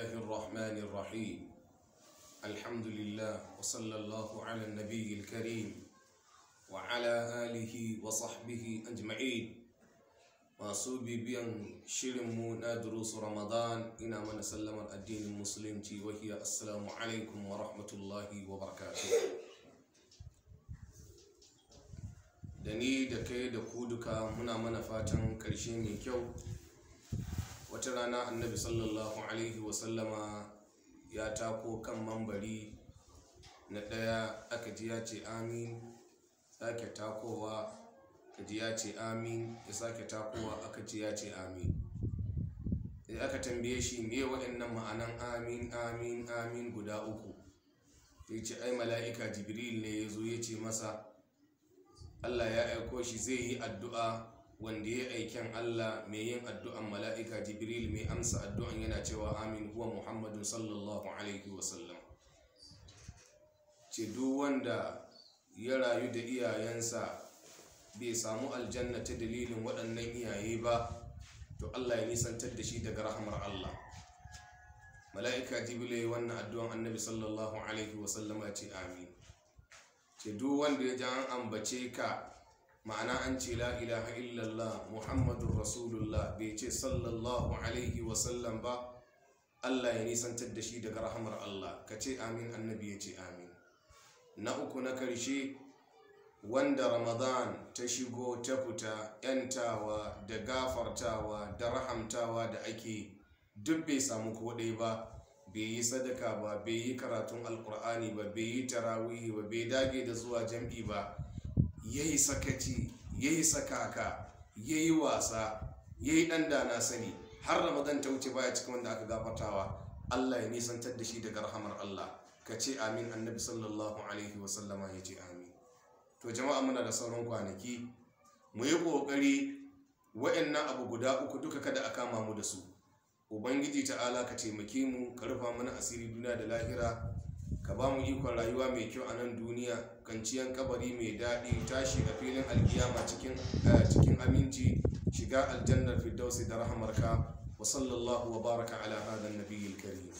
الله الرحمن الرحيم الحمد لله وصلى الله على النبي الكريم وعلى آله وصحبه أجمعين masu bibiyan mu na durusu ramadan ina mana sallamar addinin musulunci wahiya assalamu alaikum wa rahmatullahi wa barakatu da ni da kai da ku duka muna mana fatan karshe mai kyau wata rana annabi sallallahu alaihi wasallama ya tako kan mambari na ɗaya aka ji ya ce amin sake takowa aka ji ya ce amin ya sake takowa aka ji ya ce amin sai aka tambaye shi me waɗannan ma'anan amin amin amin guda uku ya ce ai mala'ika jibril ne ya zo ya ce masa allah ya aiko shi zai yi addu'a wanda ya aiken Allah mai yin addu'an mala'ika Jibril mai amsa addu'an yana cewa amin huwa Muhammadu sallallahu Alaihi wasallam. Ce duk wanda ya rayu da iyayensa bai samu aljanna ta dalilin waɗannan iyaye ba, to Allah ya nisantar da shi daga rahamar Allah. Mala'ika Jibril ya wannan addu'an annabi sallallahu Alaihi wasallama ce amin. Ce duk wanda ya jan ambace ka ma'ana an ce la ilaha illallah muhammadun rasulullah bai ce sallallahu alaihi wasallam ba allah ya nisantar da shi daga rahamar allah ka ce amin annabi ya ce amin na uku na karshe wanda ramadan ta shigo ta fita yantawa da gafartawa da rahamtawa da ake duk bai samu koɗai ba bai yi sadaka ba bai yi karatun alkur'ani ba bai yi tarawihi ba bai dage da zuwa jam'i ba ya yi sakaci ya yi sakaka ya yi wasa ya yi ɗan sani har ramadan ta wuce baya cikin wanda aka gafatawa. allah ya nisantar da shi daga rahamar allah ka ce amin annabi sallallahu alaihi wasallama ya ce amin to jama'a muna da sauran kwanaki mu yi ƙoƙari wa'annan abu guda uku duka kada a kama mu da su ubangiji ta'ala ka taimake mu ka rufa mana asiri duniya da lahira ka ba mu ikon rayuwa mai kyau a nan duniya kanciyan kabari mai daɗi tashi a filin alkiyama eh, cikin aminci shiga aljannar firdausi da rahamarka wa sallallahu wa baraka ala hadan nabiyil karim